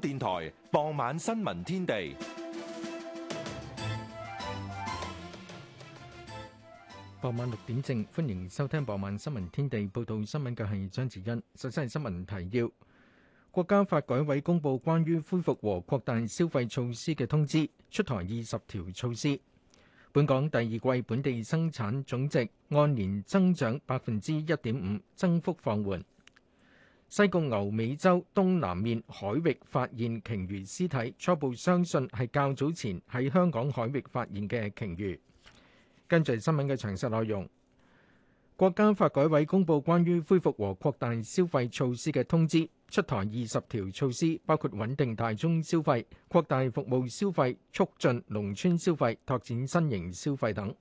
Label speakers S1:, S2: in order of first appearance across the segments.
S1: 電台傍晚新聞天地，傍晚六點正，歡迎收聽傍晚新聞天地。報道新聞嘅係張子欣。首先係新聞提要：國家發改委公布關於恢復和擴大消費措施嘅通知，出台二十條措施。本港第二季本地生產總值按年增長百分之一點五，增幅放緩。西貢牛尾洲東南面海域發現鯨魚屍體，初步相信係較早前喺香港海域發現嘅鯨魚。跟住新聞嘅詳細內容，國家發改委公布關於恢復和擴大消費措施嘅通知，出台二十條措施，包括穩定大宗消費、擴大服務消費、促進農村消費、拓展新型消費等。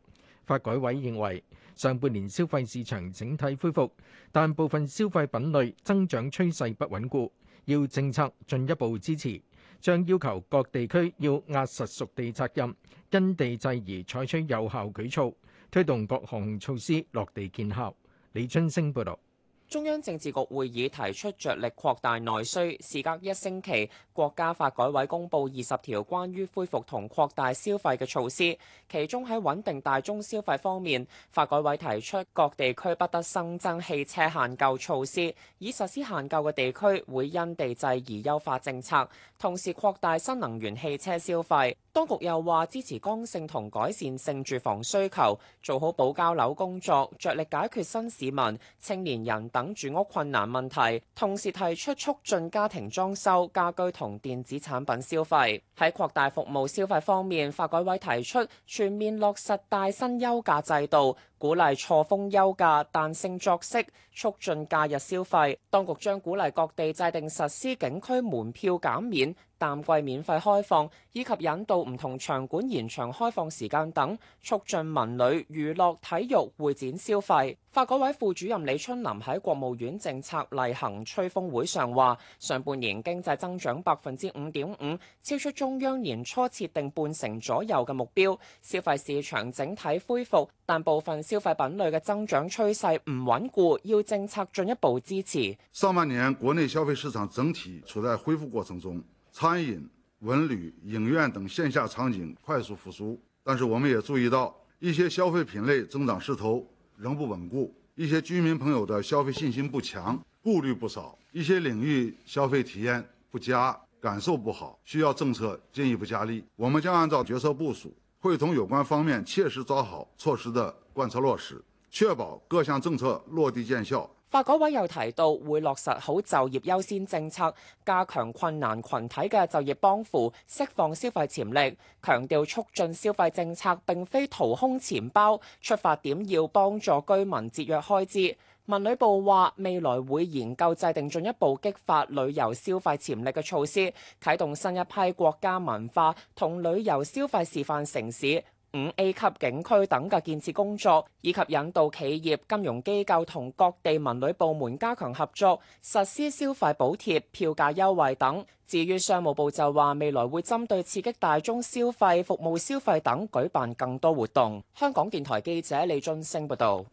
S1: 發改委認為上半年消費市場整體恢復，但部分消費品類增長趨勢不穩固，要政策進一步支持，將要求各地區要壓實屬地責任，因地制宜採取有效舉措，推動各項措施落地見效。李春升報道。
S2: 中央政治局會議提出着力擴大內需。時隔一星期，國家發改委公布二十條關於恢復同擴大消費嘅措施，其中喺穩定大宗消費方面，發改委提出各地區不得新增汽車限購措施，已實施限購嘅地區會因地制宜優化政策，同時擴大新能源汽車消費。當局又話支持剛性同改善性住房需求，做好保交樓工作，着力解決新市民、青年人等住屋困難問題，同時提出促進家庭裝修、家居同電子產品消費。喺擴大服務消費方面，發改委提出全面落實帶薪休假制度。鼓勵錯峰休假，彈性作息，促進假日消費。當局將鼓勵各地制定實施景區門票減免、淡季免費開放，以及引導唔同場館延長開放時間等，促進文旅、娛樂、體育、會展消費。發改委副主任李春林喺國務院政策例行吹風會上話，上半年經濟增長百分之五點五，超出中央年初設定半成左右嘅目標，消費市場整體恢復，但部分消消費品類的增長趨勢不穩固，要政策進一步支持。
S3: 上半年國內消費市場整體處在恢復過程中，餐飲、文旅、影院等線下場景快速復甦。但是我們也注意到，一些消費品類增長勢頭仍不穩固，一些居民朋友的消費信心不強，顧慮不少，一些領域消費體驗不佳，感受不好，需要政策進一步加力。我們將按照決策部署。會同有關方面切實抓好措施的貫徹落實，確保各項政策落地見效。
S2: 發改委又提到，會落實好就業優先政策，加強困難群體嘅就業幫扶，釋放消費潛力。強調促進消費政策並非掏空錢包，出發點要幫助居民節約開支。文旅部話未來會研究制定進一步激發旅遊消費潛力嘅措施，啟動新一批國家文化同旅遊消費示範城市、五 A 級景區等嘅建設工作，以及引導企業、金融機構同各地文旅部門加強合作，實施消費補貼、票價優惠等。至於商務部就話未來會針對刺激大宗消費、服務消費等，舉辦更多活動。香港電台記者李俊升報道。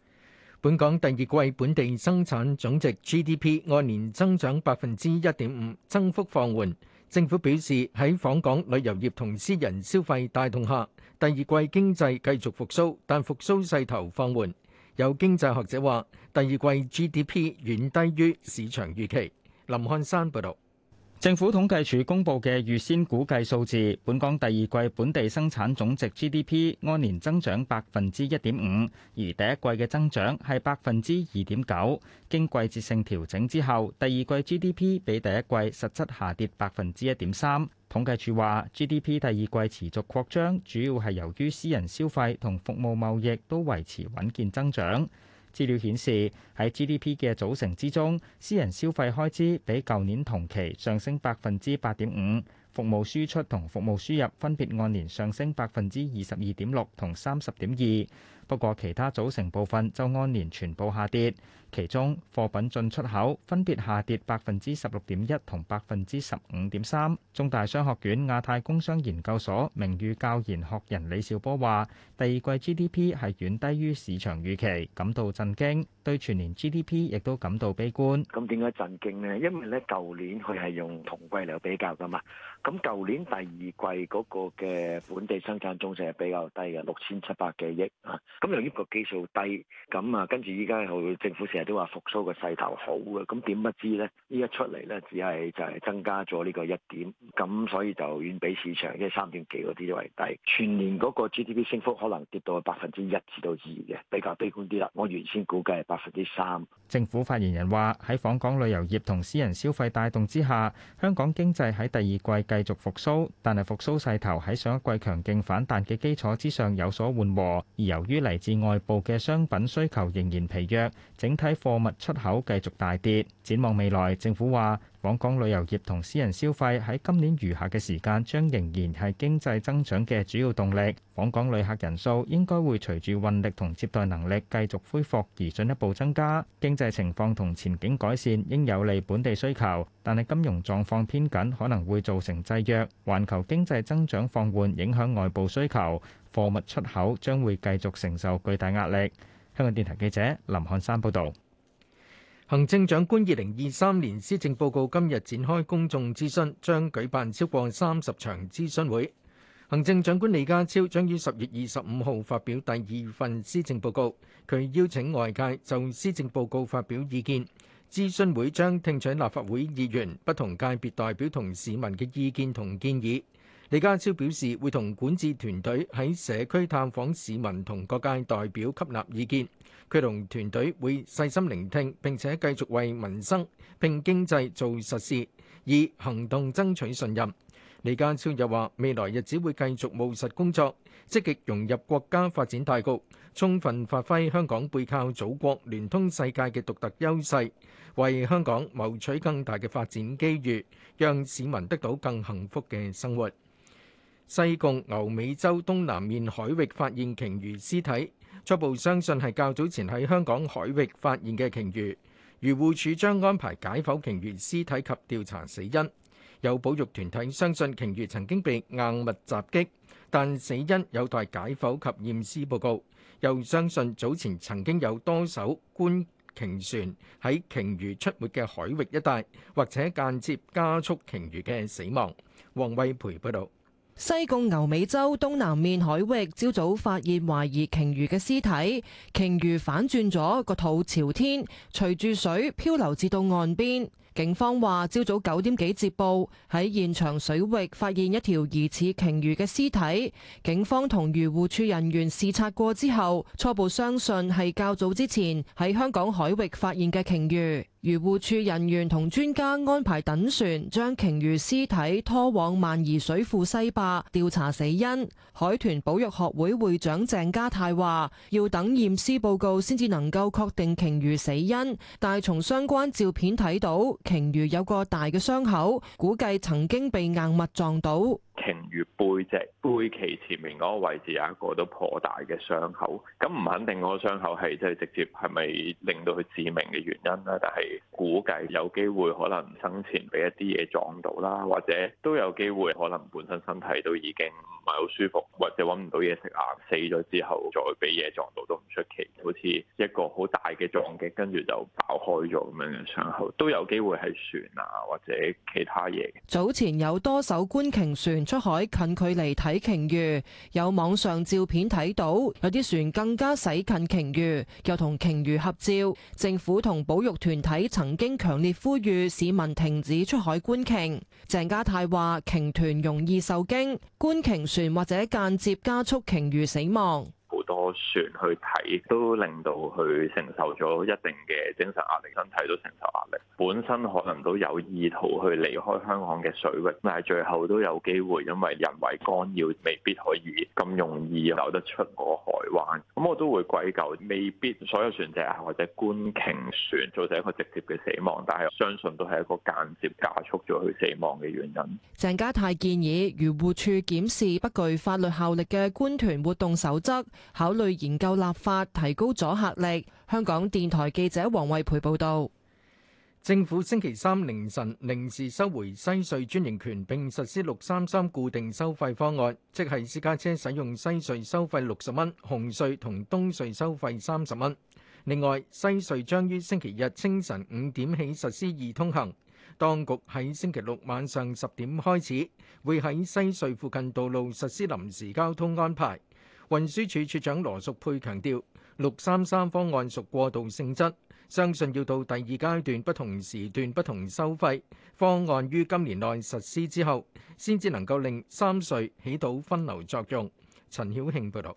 S1: 本港第二季本地生產總值 GDP 按年增長百分之一點五，增幅放緩，政府表示喺訪港旅遊業同私人消費帶動下，第二季經濟繼續復蘇，但復蘇勢頭放緩，有經濟學者話第二季
S4: GDP 遠低於市場預期。林漢山報道。政府統計處公布嘅預先估計數字，本港第二季本地生產總值 GDP 按年增長百分之一點五，而第一季嘅增長係百分之二點九。經季節性調整之後，第二季 GDP 比第一季實質下跌百分之一點三。統計處話，GDP 第二季持續擴張，主要係由於私人消費同服務貿易都維持穩健增長。資料顯示，喺 GDP 嘅組成之中，私人消費開支比舊年同期上升百分之八點五，服務輸出同服務輸入分別按年上升百分之二十二點六同三十點二。不過，其他組成部分就按年全部下跌，其中貨品進出口分別下跌百分之十六點一同百分之十五點三。中大商學院亞太工商研究所名譽教研學人李兆波話，第二季 GDP 係遠低於市場預期，感到震驚，對全年 GDP 亦都感到悲觀。
S5: 咁點解震驚呢？因為咧舊年佢係用同季嚟比較噶嘛，咁舊年第二季嗰個嘅本地生產總值係比較低嘅，六千七百幾億啊。咁由於個基數低，咁啊跟住依家佢政府成日都話復甦個勢頭好嘅，咁點不知呢？依一出嚟呢，只係就係增加咗呢個一點，咁所以就遠比市場即係三點幾嗰啲都為低。全年嗰個 GDP 升幅可能跌到百分之一至到二嘅，比較悲觀啲啦。我原先估計係百分之三。政
S4: 府發言人話：喺訪港旅遊業同私人消費帶動之下，香港經濟喺第二季繼續復甦，但係復甦勢頭喺上一季強勁反彈嘅基礎之上有所緩和，而由於嚟自外部嘅商品需求仍然疲弱，整體貨物出口繼續大跌。展望未來，政府話，訪港旅遊業同私人消費喺今年餘下嘅時間，將仍然係經濟增長嘅主要動力。訪港旅客人數應該會隨住運力同接待能力繼續恢復而進一步增加。經濟情況同前景改善，應有利本地需求。但係金融狀況偏緊，可能會造成制約。環球經濟增長放緩，影響外部需求。貨物出口將會繼續承受巨大壓力。香港電台記者林漢山報導。行政長官二零二三年施政報告今日展開公眾諮詢，將舉
S1: 辦超過三十場諮詢會。行政長官李家超將於十月二十五號發表第二份施政報告。佢邀請外界就施政報告發表意見。諮詢會將聽取立法會議員、不同界別代表同市民嘅意見同建議。李家超表示，會同管治團隊喺社區探訪市民同各界代表，吸納意見。佢同團隊會細心聆聽，並且繼續為民生並經濟做實事，以行動爭取信任。李家超又話：未來日子會繼續務實工作，積極融入國家發展大局，充分發揮香港背靠祖國、聯通世界嘅獨特優勢，為香港謀取更大嘅發展機遇，讓市民得到更幸福嘅生活。西貢牛尾洲東南面海域發現鯨魚屍體，初步相信係較早前喺香港海域發現嘅鯨魚。漁護署將安排解剖鯨魚屍體及調查死因。有保育團體相信鯨魚曾經被硬物襲擊，但死因有待解剖及驗屍報告。又相信早前曾經有多艘觀鯨船喺鯨魚出沒嘅海域一帶，或者間接加速鯨魚嘅死亡。黃惠培報道。
S6: 西貢牛尾洲東南面海域，朝早發現懷疑鯨魚嘅屍體，鯨魚反轉咗個肚朝天，隨住水漂流至到岸邊。警方話，朝早九點幾接報，喺現場水域發現一條疑似鯨魚嘅屍體。警方同漁護署人員視察過之後，初步相信係較早之前喺香港海域發現嘅鯨魚。漁護署人員同專家安排躉船將鯨魚屍體拖往萬宜水庫西壩調查死因。海豚保育學會會長鄭家泰話：要等驗屍報告先至能夠確定鯨魚死因，但係從相關照片睇到，鯨魚有個大嘅傷口，估計曾經被硬物撞到。
S7: 鯨魚背脊背鰭前面嗰個位置有一個都頗大嘅傷口，咁唔肯定嗰個傷口係即係直接係咪令到佢致命嘅原因咧？但係估計有機會可能生前俾一啲嘢撞到啦，或者都有機會可能本身身體都已經唔係好舒服，或者揾唔到嘢食啊，死咗之後再俾嘢撞到都唔出奇。好似一個好大嘅撞擊跟住就爆開咗咁樣嘅傷口，都有機會係船啊或者其他嘢。
S6: 早前有多艘觀鯨船。出海近距離睇鯨魚，有網上照片睇到，有啲船更加駛近鯨魚，又同鯨魚合照。政府同保育團體曾經強烈呼籲市民停止出海觀鯨。鄭家泰話：鯨團容易受驚，觀鯨船或者間接加速鯨魚死亡。
S7: 個船去睇都令到佢承受咗一定嘅精神壓力，身體都承受壓力。本身可能都有意圖去離開香港嘅水域，但係最後都有機會因為人為干擾，未必可以咁容易走得出個海灣。咁我都會歸咎，未必所有船隻或者觀鯨船造成一個直接嘅死亡，但係我相信都係一個間接加速咗佢死亡嘅原因。
S6: 鄭家泰建議漁護處檢視不具法律效力嘅官團活動守則。考考慮研究立法提高阻吓力。香港電台記者黃慧培報道，
S1: 政府星期三凌晨零時收回西隧專營權，並實施六三三固定收費方案，即係私家車使用西隧收費六十蚊，紅隧同東隧收費三十蚊。另外，西隧將於星期日清晨五點起實施易通行。當局喺星期六晚上十點開始，會喺西隧附近道路實施臨時交通安排。運輸署署長羅淑佩強調，六三三方案屬過渡性質，相信要到第二階段不同時段不同收費方案於今年內實施之後，先至能夠令三隧起到分流作用。陳曉慶報道。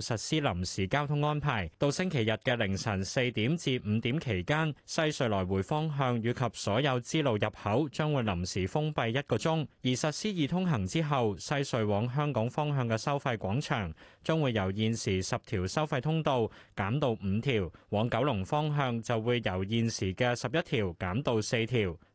S8: 實施臨時交通安排，到星期日嘅凌晨四點至五點期間，西隧來回方向以及所有支路入口將會臨時封閉一個鐘。而實施易通行之後，西隧往香港方向嘅收費廣場將會由現時十條收費通道減到五條，往九龍方向就會由現時嘅十一條減到四條。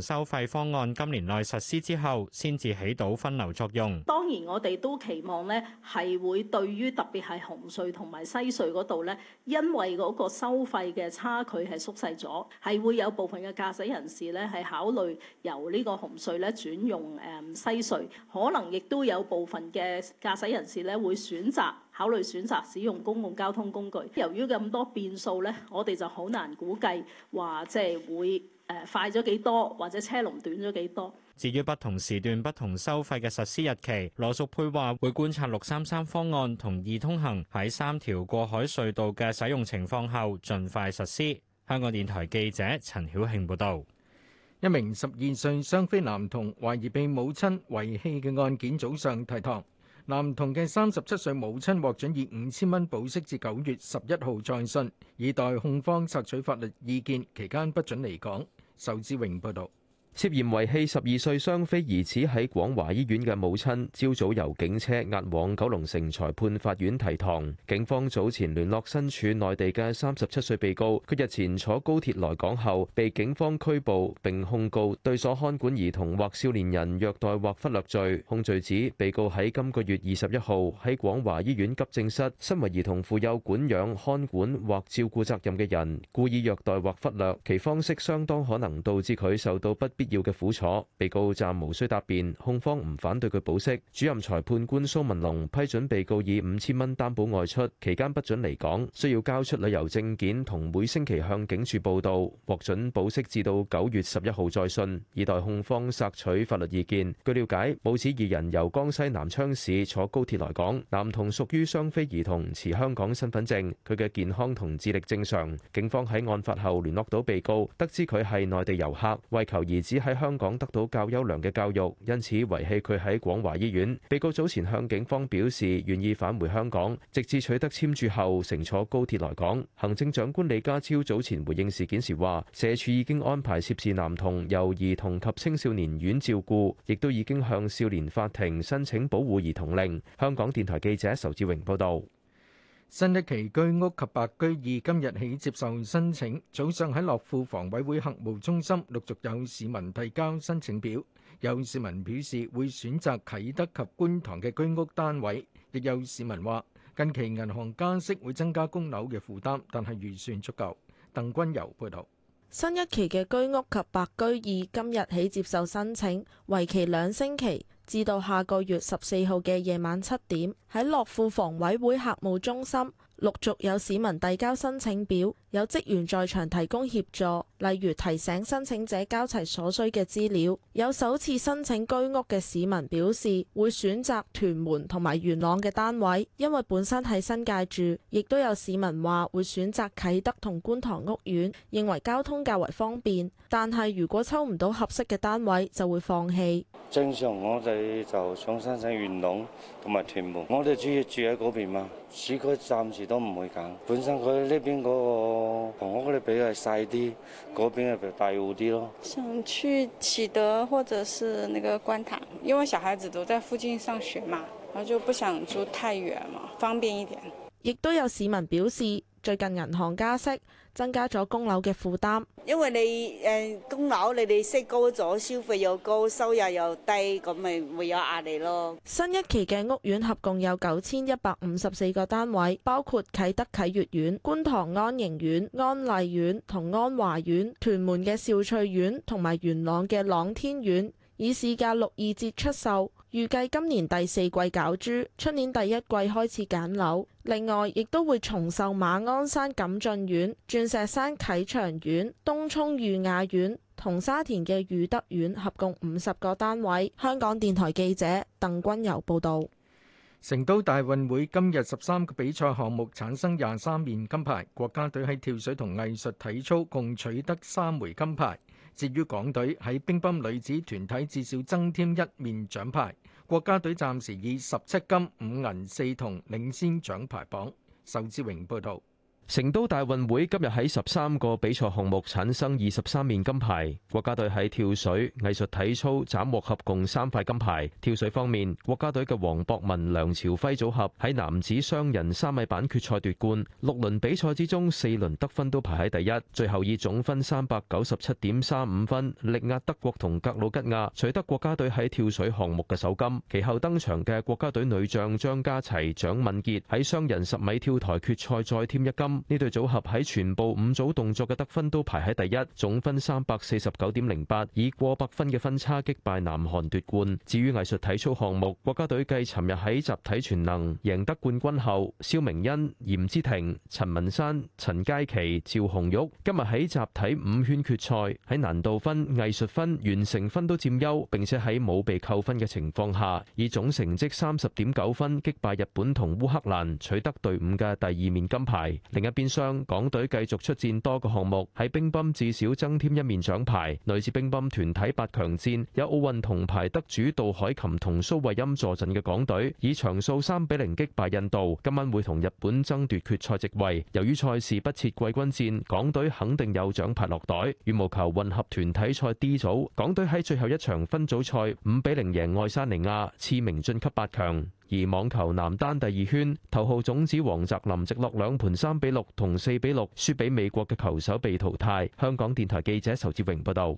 S8: 收費方案今年內實施之後先至起到分流作用。
S9: 當然，我哋都期望咧，係會對於特別係紅隧同埋西隧嗰度咧，因為嗰個收費嘅差距係縮細咗，係會有部分嘅駕駛人士咧係考慮由個洪呢個紅隧咧轉用誒、嗯、西隧，可能亦都有部分嘅駕駛人士咧會選擇考慮選擇使用公共交通工具。由於咁多變數咧，我哋就好難估計話，即係會。誒快咗幾多，或者車龍短咗
S8: 幾多？至於不同時段不同收費嘅實施日期，羅淑佩話會觀察六三三方案同易通行喺三條過海隧道嘅使用情況後，盡快實施。香港電台記者
S1: 陳曉慶報道。一名十二歲雙非男童懷疑被母親遺棄嘅案件早上提堂，男童嘅三十七歲母親獲准以五千蚊保釋至九月十一號再訊，以待控方索取法律意見期間，不准離港。仇志榮報道。
S10: 涉嫌遺棄十二歲雙非兒子喺廣華醫院嘅母親，朝早由警車押往九龍城裁判法院提堂。警方早前聯絡身處內地嘅三十七歲被告，佢日前坐高鐵來港後被警方拘捕，並控告對所看管兒童或少年人虐待或忽略罪。控罪指被告喺今個月二十一號喺廣華醫院急症室，身為兒童負有管養、看管或照顧責任嘅人，故意虐待或忽略，其方式相當可能導致佢受到不必要嘅苦楚，被告暫無需答辯，控方唔反對佢保釋。主任裁判官蘇文龍批准被告以五千蚊擔保外出，期間不准離港，需要交出旅遊證件同每星期向警署報到，獲准保釋至到九月十一號再訊，以待控方索取法律意見。據了解，母子二人由江西南昌市坐高鐵來港，男童屬於雙非兒童，持香港身份證，佢嘅健康同智力正常。警方喺案發後聯絡到被告，得知佢係內地遊客，為求兒只喺香港得到較優良嘅教育，因此遺棄佢喺廣華醫院。被告早前向警方表示願意返回香港，直至取得簽注後乘坐高鐵來港。行政長官李家超早前回應事件時話，社署已經安排涉事男童由兒童及青少年院照顧，亦都已經向少
S1: 年法庭申請保護兒童令。香港電台記者仇志榮報道。新一期居屋及白居二今日起接受申請，早上喺樂富房委會客務中心陸續有市民提交申請表，有市民表示會選擇啟德及觀塘嘅居屋單位，亦有市民話近期銀行加息會增加供樓嘅負擔，但係預算足夠。鄧君遊報導，
S11: 新一期嘅居屋及白居二今日起接受申請，為期兩星期。至到下個月十四號嘅夜晚七點，喺樂富房委會客戶中心陸續有市民遞交申請表。有職員在場提供協助，例如提醒申請者交齊所需嘅資料。有首次申請居屋嘅市民表示，會選擇屯門同埋元朗嘅單位，因為本身喺新界住。亦都有市民話會選擇啟德同觀塘屋苑，認為交通較為方便。但係如果抽唔到合適嘅單位，就會放棄。
S8: 正常我哋就想申請元朗同埋屯門，我哋主要住喺嗰邊嘛，市區暫時都唔會揀。本身佢呢邊嗰個。哦，房屋嗰啲比較細啲，嗰邊
S4: 係比較大啲咯。
S11: 想去啟德或者是那個觀塘，因為小孩子都在附近上學嘛，然後就不想住太遠嘛，方便一點。亦都有市民表示，最近銀行加息。增加咗供樓嘅負擔，因為
S6: 你誒供樓，你哋息高咗，消費又高，收入又低，咁咪會
S11: 有壓力咯。新一期嘅屋苑合共有九千一百五十四個單位，包括啟德啟悅苑、觀塘安盈苑、安麗苑同安華苑、屯門嘅兆翠苑同埋元朗嘅朗天苑，以市價六二折出售。預計今年第四季攪珠，出年第一季開始揀樓。另外，亦都會重售馬鞍山錦駿苑、鑽石山啟祥苑、東涌裕雅苑同沙田嘅裕德苑，合共五十個單位。香港電台記者鄧君柔報導。
S1: 成都大運會今日十三個比賽項目產生廿三面金牌，國家隊喺跳水同藝術體操共取得三枚金牌。至於港隊喺乒乓女子團體至少增添一面獎牌，國家隊暫時以十七金五銀四銅領先獎牌榜。仇志榮報道。
S10: 成都大運會今日喺十三個比賽項目產生二十三面金牌，國家隊喺跳水、藝術體操、斬獲合共三塊金牌。跳水方面，國家隊嘅黃博文、梁朝輝組合喺男子雙人三米板決賽奪冠，六輪比賽之中四輪得分都排喺第一，最後以總分三百九十七點三五分力壓德國同格魯吉亞，取得國家隊喺跳水項目嘅首金。其後登場嘅國家隊女將張家齊、蔣敏傑喺雙人十米跳台決賽再添一金。呢對組合喺全部五組動作嘅得分都排喺第一，總分三百四十九點零八，以過百分嘅分差擊敗南韓奪冠。至於藝術體操項目，國家隊繼尋日喺集體全能贏得冠軍後，肖明恩、嚴之婷、陳文山、陳佳琪、趙紅玉今日喺集體五圈決賽喺難度分、藝術分、完成分都占優，並且喺冇被扣分嘅情況下，以總成績三十點九分擊敗日本同烏克蘭，取得隊伍嘅第二面金牌。另一邊廂，港隊繼續出戰多個項目，喺乒乓至少增添一面獎牌。女子乒乓團體八強戰，有奧運銅牌得主杜海琴同蘇慧音坐陣嘅港隊，以場數三比零擊敗印度，今晚會同日本爭奪決賽席位。由於賽事不設季軍戰，港隊肯定有獎牌落袋。羽毛球混合團體賽 D 組，港隊喺最後一場分組賽五比零贏愛沙尼亞，次名晉級八強。而網球男單第二圈頭號種子黃澤林直落兩盤三比六同四比六輸俾美國嘅球手，被淘汰。香港電台記者仇志榮報道，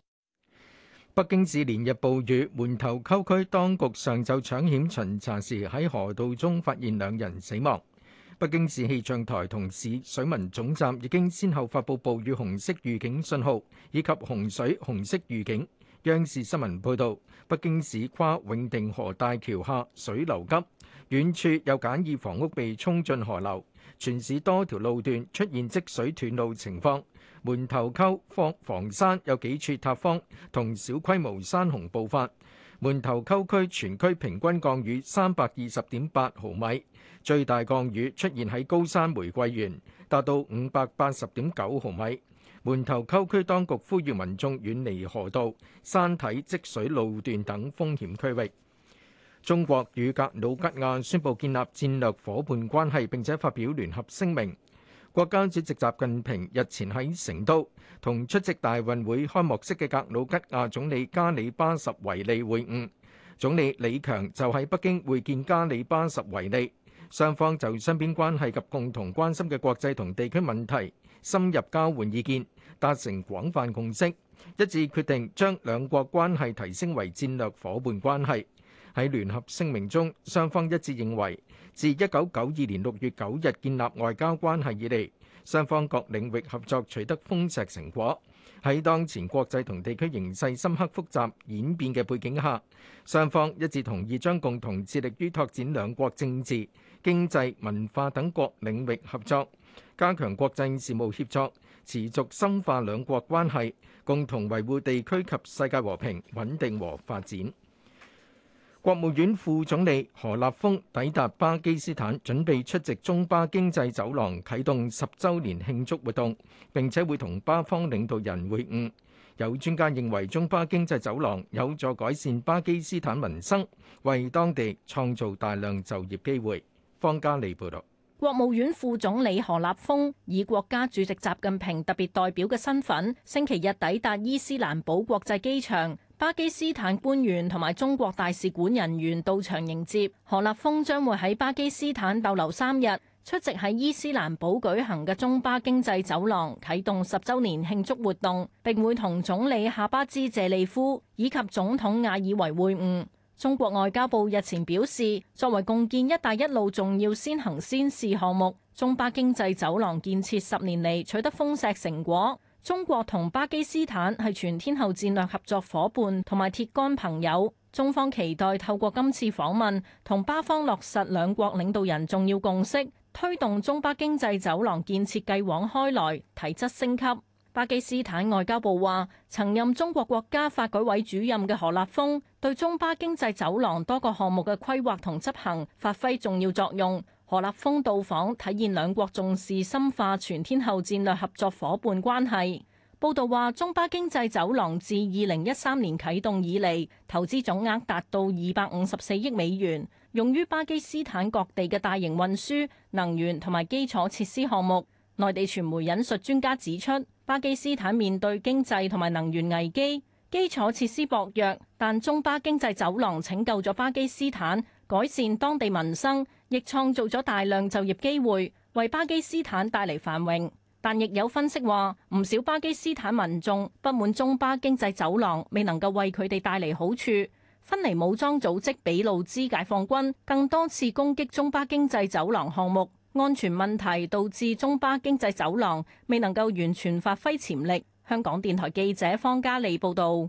S1: 北京市連日暴雨，門頭溝區當局上晝搶險巡查時，喺河道中發現兩人死亡。北京市氣象台同市水文總站已經先後發布暴雨紅色預警信號以及洪水紅色預警。央視新聞報道，北京市跨永定河大橋下水流急。遠處有簡易房屋被沖進河流，全市多條路段出現積水斷路情況。門頭溝房房山有幾處塌方同小規模山洪暴發。門頭溝區全區平均降雨三百二十點八毫米，最大降雨出現喺高山玫瑰園，達到五百八十點九毫米。門頭溝區當局呼籲民眾遠離河道、山體積水路段等風險區域。中國與格魯吉亞宣布建立戰略伙伴關係，並且發表聯合聲明。國家主席習近平日前喺成都同出席大運會開幕式嘅格魯吉亞總理加里巴什維利會晤，總理李強就喺北京會見加里巴什維利，雙方就雙邊關係及共同關心嘅國際同地區問題深入交換意見，達成廣泛共識，一致決定將兩國關係提升為戰略伙伴關係。喺聯合聲明中，雙方一致認為，自一九九二年六月九日建立外交關係以嚟，雙方各領域合作取得豐碩成果。喺當前國際同地區形勢深刻複雜演變嘅背景下，雙方一致同意將共同致力於拓展兩國政治、經濟、文化等各領域合作，加強國際事務協作，持續深化兩國關係，共同維護地區及世界和平、穩定和發展。國務院副總理何立峰抵達巴基斯坦，準備出席中巴經濟走廊啟動十周年慶祝活動，並且會同巴方領導人會晤。有專家認為，中巴經濟走廊有助改善巴基斯坦民生，為當地創造大量就業機會。方家利報道。
S9: 國務院副總理何立峰以國家主席習近平特別代表嘅身份，星期日抵達伊斯蘭堡國際機場。巴基斯坦官員同埋中國大使館人員到場迎接，何立峰將會喺巴基斯坦逗留三日，出席喺伊斯蘭堡舉行嘅中巴經濟走廊啟動十週年慶祝活動，並會同總理夏巴茲謝利夫以及總統阿爾維會晤。中國外交部日前表示，作為共建「一帶一路」重要先行先試項目，中巴經濟走廊建設十年嚟取得豐碩成果。中國同巴基斯坦係全天候戰略合作伙伴同埋鐵杆朋友，中方期待透過今次訪問，同巴方落實兩國領導人重要共識，推動中巴經濟走廊建設繼往開來、提質升級。巴基斯坦外交部話，曾任中國國家發改委主任嘅何立峰，對中巴經濟走廊多個項目嘅規劃同執行發揮重要作用。何立峰到訪，體現兩國重視深化全天候戰略合作伙伴關係。報導話，中巴經濟走廊自二零一三年啟動以嚟，投資總額達到二百五十四億美元，用於巴基斯坦各地嘅大型運輸、能源同埋基礎設施項目。內地傳媒引述專家指出，巴基斯坦面對經濟同埋能源危機，基礎設施薄弱，但中巴經濟走廊拯救咗巴基斯坦。改善當地民生，亦創造咗大量就業機會，為巴基斯坦帶嚟繁榮。但亦有分析話，唔少巴基斯坦民眾不滿中巴經濟走廊未能夠為佢哋帶嚟好處。分離武裝組織俾路支解放軍更多次攻擊中巴經濟走廊項目，安全問題導致中巴經濟走廊未能夠完全發揮潛力。香港電台記者方嘉利報道。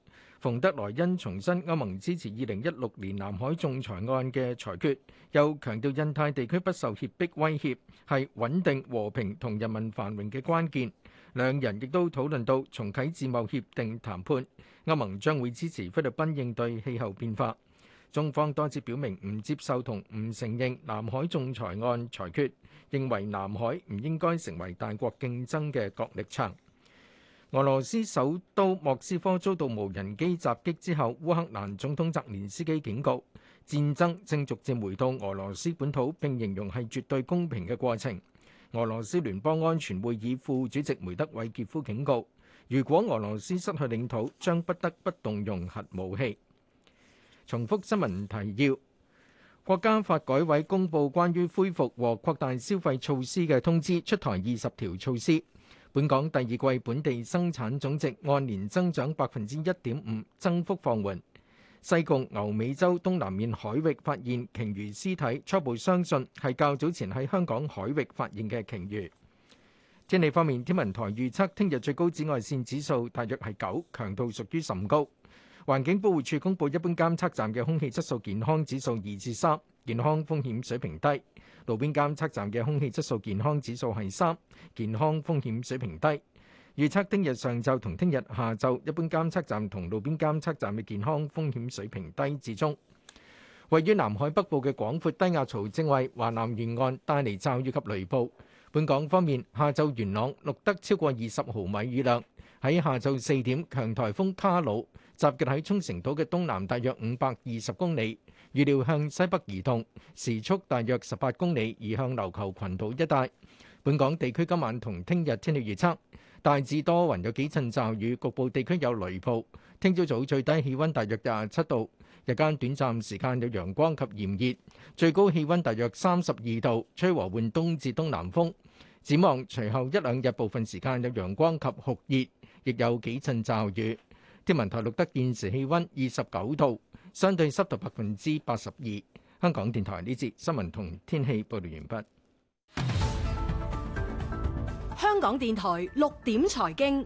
S1: 馮德萊恩重申歐盟支持二零一六年南海仲裁案嘅裁決，又強調印太地區不受脅迫威脅係穩定和平同人民繁榮嘅關鍵。兩人亦都討論到重啟自貿協定談判。歐盟將會支持菲律賓應對氣候變化。中方多次表明唔接受同唔承認南海仲裁案裁決，認為南海唔應該成為大國競爭嘅角力場。俄羅斯首都莫斯科遭到無人機襲擊之後，烏克蘭總統澤連斯基警告，戰爭正逐漸回到俄羅斯本土，並形容係絕對公平嘅過程。俄羅斯聯邦安全會議副主席梅德韋傑夫警告，如果俄羅斯失去領土，將不得不動用核武器。重複新聞提要：國家發改委公布關於恢復和擴大消費措施嘅通知，出台二十條措施。本港第二季本地生產總值按年增長百分之一點五，增幅放緩。西貢牛尾洲東南面海域發現鯨魚屍體，初步相信係較早前喺香港海域發現嘅鯨魚。天氣方面，天文台預測聽日最高紫外線指數大約係九，強度屬於甚高。環境保護署公布一般監測站嘅空氣質素健康指數二至三，健康風險水平低。路邊監測站嘅空氣質素健康指數係三，健康風險水平低。預測聽日上晝同聽日下晝，一般監測站同路邊監測站嘅健康風險水平低至中。位於南海北部嘅廣闊低壓槽正為華南沿岸帶嚟驟雨及雷暴。本港方面，下晝元朗錄得超過二十毫米雨量。喺下晝四點，強台風卡努。集結喺沖繩島嘅東南，大約五百二十公里，預料向西北移動，時速大約十八公里，移向琉球群島一帶。本港地區今晚同聽日天氣預測，大致多雲，有幾陣驟雨，局部地區有雷暴。聽朝早最低氣溫大約廿七度，日間短暫時間有陽光及炎熱，最高氣溫大約三十二度，吹和緩東至東南風。展望隨後一兩日，部分時間有陽光及酷熱，亦有幾陣驟雨。天文台錄得現時氣溫二十九度，相對濕度百分之八十二。香港電台呢節新聞同天氣報道完畢。
S9: 香港電台六點財經，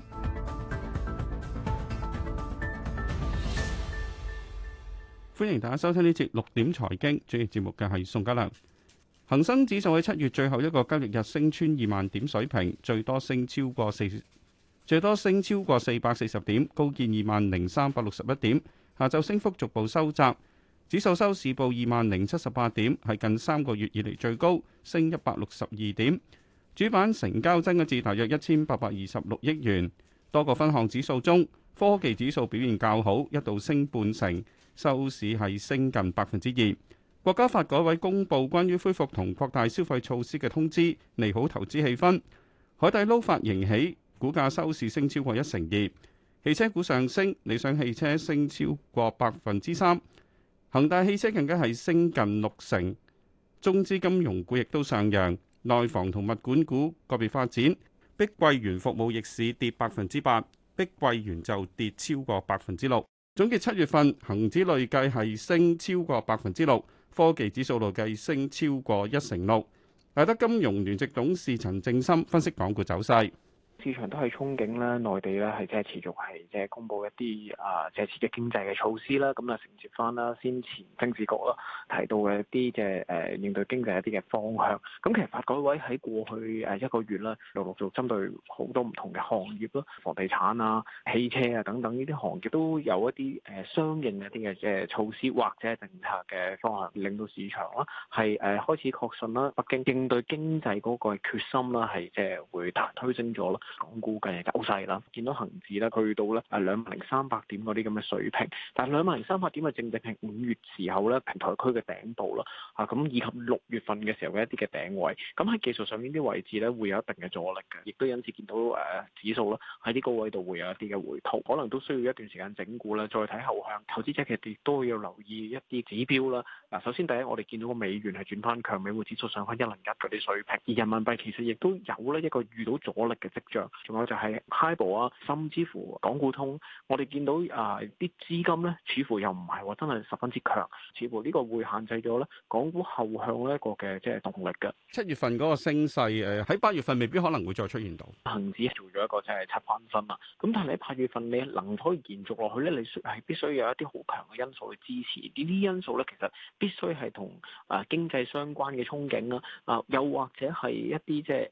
S12: 歡迎大家收聽呢節六點財經。主持節目嘅係宋家良。恒生指數喺七月最後一個交易日升穿二萬點水平，最多升超過四。最多升超過四百四十點，高見二萬零三百六十一點。下晝升幅逐步收窄，指數收市報二萬零七十八點，係近三個月以嚟最高，升一百六十二點。主板成交增加至大約一千八百二十六億元。多個分項指數中，科技指數表現較好，一度升半成，收市係升近百分之二。國家發改委公布關於恢復同擴大消費措施嘅通知，利好投資氣氛。海底撈發盈喜。股價收市升超過一成二，汽車股上升，理想汽車升超過百分之三，恒大汽車更加係升近六成。中資金融股亦都上揚，內房同物管股個別發展。碧桂園服務逆市跌百分之八，碧桂園就跌超過百分之六。總結七月份恒指累計係升超過百分之六，科技指數累計升超過一成六。大德金融聯席董事陳正森分析港股走勢。
S5: 市場都係憧憬啦，內地咧係即係持續係即係公布一啲啊藉此嘅經濟嘅措施啦，咁、呃、啊承接翻啦先前政治局啦提到嘅一啲嘅誒應對經濟一啲嘅方向。咁、嗯、其實發改委喺過去誒一個月啦，陸陸續針對好多唔同嘅行業啦，房地產啊、汽車啊等等呢啲行業都有一啲誒、呃、相應嘅一啲嘅即係措施或者政策嘅方向，令到市場啦係誒開始確信啦，北京應對經濟嗰個決心啦係即係會推升咗咯。港股嘅走勢啦，見到恒指咧去到咧誒兩萬零三百點嗰啲咁嘅水平，但係兩萬零三百點係正正係五月時候咧平台區嘅頂部啦，嚇、啊、咁以及六月份嘅時候嘅一啲嘅頂位，咁喺技術上面啲位置咧會有一定嘅阻力嘅，亦都因此見到誒、呃、指數啦喺啲高位度會有一啲嘅回吐，可能都需要一段時間整固啦，再睇後向投資者其實亦都要留意一啲指標啦。嗱、啊，首先第一我哋見到個美元係轉翻強，美匯指數上翻一零一嗰啲水平，而人民幣其實亦都有咧一個遇到阻力嘅仲有就係 HIBOR 啊，甚至乎港股通，我哋見到啊啲資金咧，似乎又唔係話真係十分之強，似乎呢個會限制咗咧港股後向咧一個嘅即係動力嘅。
S12: 七月份嗰個升勢誒，喺八月份未必可能會再出現到。恒指做咗一個即係七百
S5: 分嘛，咁但係你喺八月份你能可以延續落去咧，你係必須有一啲好強嘅因素去支持。呢啲因素咧，其實必須係同啊經濟相關嘅憧憬啦，啊又或者係一啲即係誒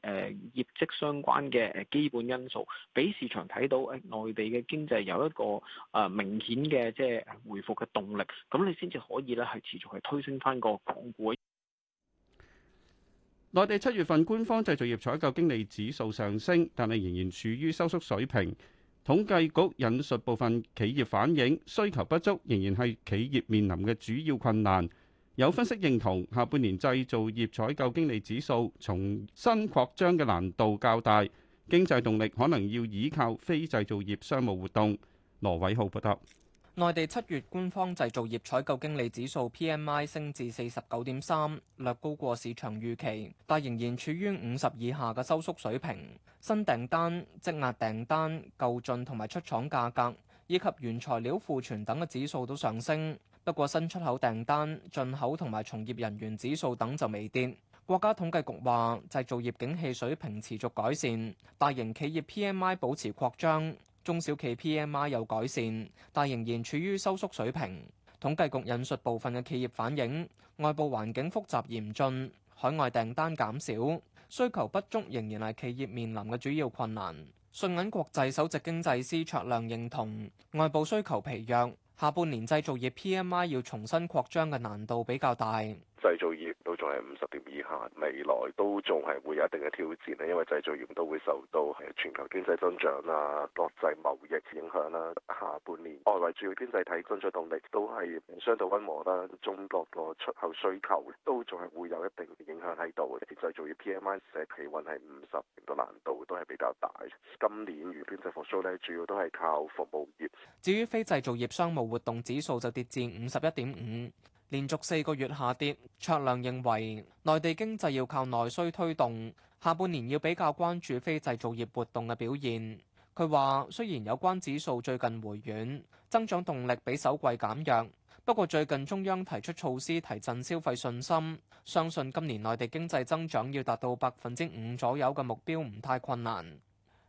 S5: 業績相關嘅誒。基本因素俾市場睇到，誒，內地嘅經濟有一個誒明顯嘅即係回復嘅動力，咁你先至可以咧係持續去推升翻個港股。
S12: 內地七月份官方製造業採購經理指數上升，但係仍然處於收縮水平。統計局引述部分企業反映，需求不足仍然係企業面臨嘅主要困難。有分析認同，下半年製造業採購經理指數重新擴張嘅難度較大。經濟動力可能要依靠非製造業商務活動。羅偉浩報道，
S3: 內地七月官方製造業採購經理指數 PMI 升至四十九點三，略高過市場預期，但仍然處於五十以下嘅收縮水平。新訂單、積壓訂單、購進同埋出廠價格，以及原材料庫存等嘅指數都上升，不過新出口訂單、進口同埋從業人員指數等就未跌。國家統計局話，製造業景氣水平持續改善，大型企業 PMI 保持擴張，中小企 PMI 有改善，但仍然處於收縮水平。統計局引述部分嘅企業反映，外部環境複雜嚴峻，海外訂單減少，需求不足仍然係企業面臨嘅主要困難。信銀國際首席經濟師卓亮認同，外部需求疲弱，下半年製造業 PMI 要重新擴張嘅難度比較大。
S5: 製造業係五十點以下，未來都仲係會有一定嘅挑戰，咧，因為製造業都會受到係全球經濟增長啊、國際貿易影響啦。下半年外圍主要經濟體經濟動力都係相對溫和啦，中國個出口需求都仲係會有一定嘅影響喺度。製造業 PMI 社企穩係五十，都難度都係比較大。今年如經濟復蘇咧，主要都係靠服務業，
S3: 至於非製造業商務活動指數就跌至五十一點五。連續四個月下跌，卓亮認為內地經濟要靠內需推動，下半年要比較關注非製造業活動嘅表現。佢話，雖然有關指數最近回軟，增長動力比首季減弱，不過最近中央提出措施提振消費信心，相信今年內地經濟增長要達到百分之五左右嘅目標唔太困難。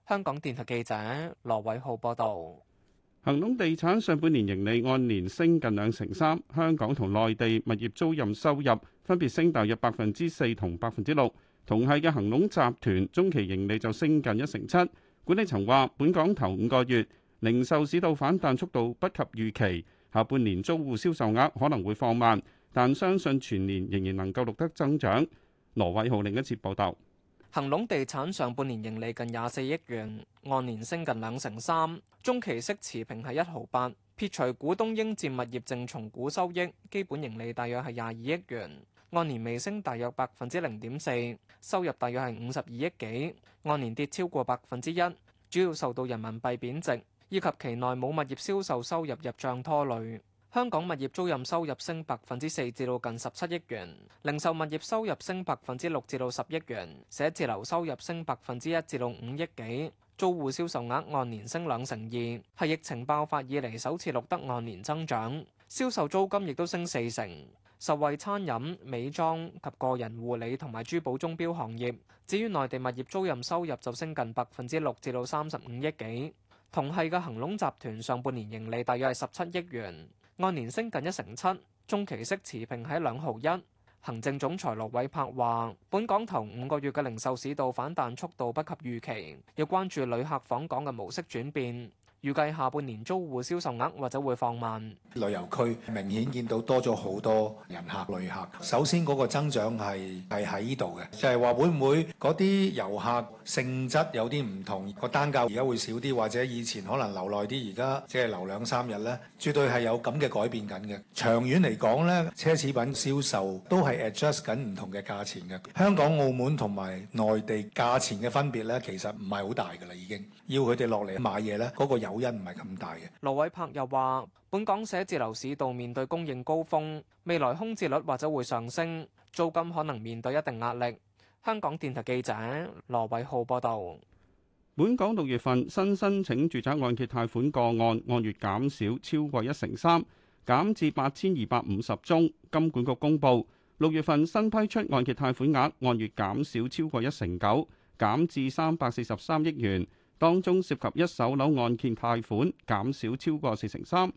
S3: 香港電台記者羅偉浩報道。
S12: 恒隆地產上半年盈利按年升近兩成三，香港同內地物業租賃收入分別升大約百分之四同百分之六。同係嘅恒隆集團中期盈利就升近一成七。管理層話，本港頭五個月零售市道反彈速度不及預期，下半年租戶銷售額可能會放慢，但相信全年仍然能夠錄得增長。羅偉浩另一節報道。
S3: 恒隆地產上半年盈利近廿四億元，按年升近兩成三，中期息持平係一毫八。撇除股東應佔物業淨重估收益，基本盈利大約係廿二億元，按年微升大約百分之零點四。收入大約係五十二億幾，按年跌超過百分之一，主要受到人民幣貶值以及期內冇物業銷售收入入賬拖累。香港物業租賃收入升百分之四，至到近十七億元；零售物業收入升百分之六，至到十億元；寫字樓收入升百分之一，至到五億幾。租戶銷售額按年升兩成二，係疫情爆發以嚟，首次錄得按年增長。銷售租金亦都升四成。受惠餐飲、美妝及個人護理同埋珠寶鐘錶行業。至於內地物業租賃收入就升近百分之六，至到三十五億幾。同系嘅恒隆集團上半年盈利大約係十七億元。按年升近一成七，中期息持平喺兩毫一。行政總裁羅偉柏話：本港頭五個月嘅零售市道反彈速度不及預期，要關注旅客訪港嘅模式轉變。預計下半年租戶銷售額或者會放慢。
S5: 旅遊區明
S1: 顯見到多咗好多人客、旅客。首先嗰個增長係係喺呢度嘅，就係話會唔會嗰啲遊客性質有啲唔同，個單價而家會少啲，或者以前可能留耐啲，而家即係留兩三日呢，絕對係有咁嘅改變緊嘅。長遠嚟講呢，奢侈品銷售都係 adjust 緊唔同嘅價錢嘅。香港、澳門同埋內地價錢嘅分別呢，其實唔係好大嘅啦，已經要佢哋落嚟
S5: 買嘢呢，嗰個遊原音唔係咁大嘅。
S3: 羅偉柏又話，本港寫字樓市道面對供應高峰，未來空置率或者會上升，租金可能面對一定壓力。香港電台記者羅偉浩報道。
S12: 本港六月份新申請住宅按揭貸款個案按月減少超過一成三，減至八千二百五十宗。金管局公布六月份新批出按揭貸款額按月減少超過一成九，減至三百四十三億元。當中涉及一手樓按揭貸款減少超過四成三，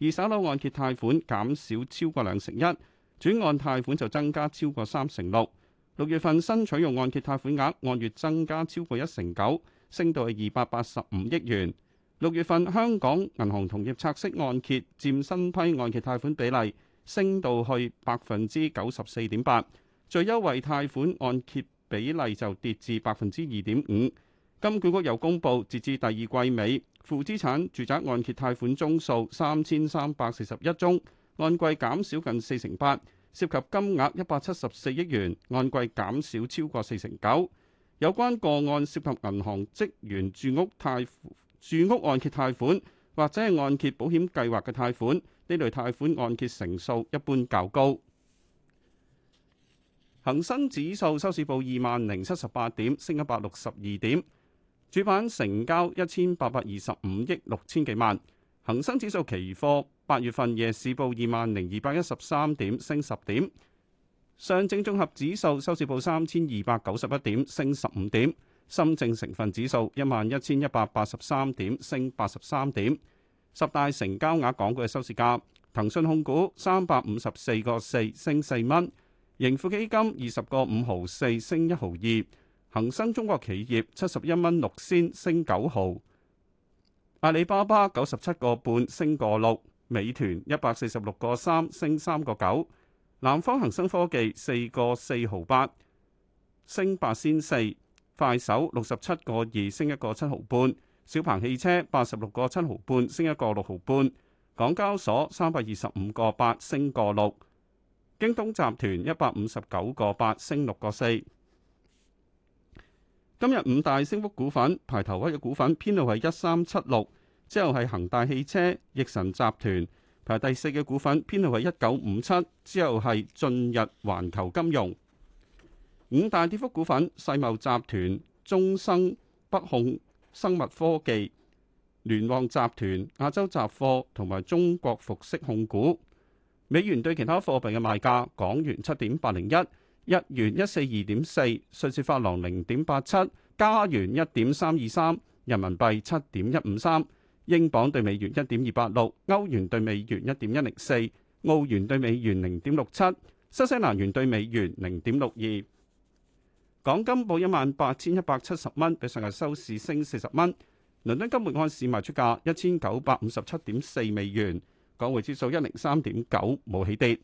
S12: 二手樓按揭貸款減少超過兩成一，轉按貸款就增加超過三成六。六月份新取用按揭貸款額按月增加超過一成九，升到去二百八十五億元。六月份香港銀行同業拆息按揭佔新批按揭貸款比例升到去百分之九十四點八，最優惠貸款按揭比例就跌至百分之二點五。金管局又公布，截至第二季尾，負資產住宅按揭貸款宗數三千三百四十一宗，按季減少近四成八，涉及金額一百七十四億元，按季減少超過四成九。有關個案涉及銀行職員住屋貸、住屋按揭貸款或者係按揭保險計劃嘅貸款，呢類貸款按揭成數一般較高。恒生指數收市報二萬零七十八點，升一百六十二點。主板成交一千八百二十五億六千幾萬，恒生指數期貨八月份夜市報二萬零二百一十三點，升十點。上證綜合指數收市報三千二百九十一點，升十五點。深證成分指數一萬一千一百八十三點，升八十三點。十大成交額港股嘅收市價，騰訊控股三百五十四個四，升四蚊。盈富基金二十個五毫四，升一毫二。恒生中國企業七十一蚊六仙升九毫，阿里巴巴九十七個半升個六，美團一百四十六個三升三個九，南方恒生科技四個四毫八升八仙四，快手六十七個二升一個七毫半，小鵬汽車八十六個七毫半升一個六毫半，港交所三百二十五個八升個六，京東集團一百五十九個八升六個四。今日五大升幅股份，排頭位嘅股份編號係一三七六，之後係恒大汽車、易神集團，排第四嘅股份編號係一九五七，之後係進日環球金融。五大跌幅股份：世茂集團、中生北控生物科技、聯旺集團、亞洲雜貨同埋中國服飾控股。美元對其他貨幣嘅賣價，港元七點八零一。日元一四二點四，瑞士法郎零點八七，加元一點三二三，人民幣七點一五三，英鎊兌美元一點二八六，歐元兌美元一點一零四，澳元兌美元零點六七，新西蘭元兌美元零點六二。港金報一萬八千一百七十蚊，比上日收市升四十蚊。倫敦金每盎司賣出價一千九百五十七點四美元，港匯指數一零三點九，冇起跌。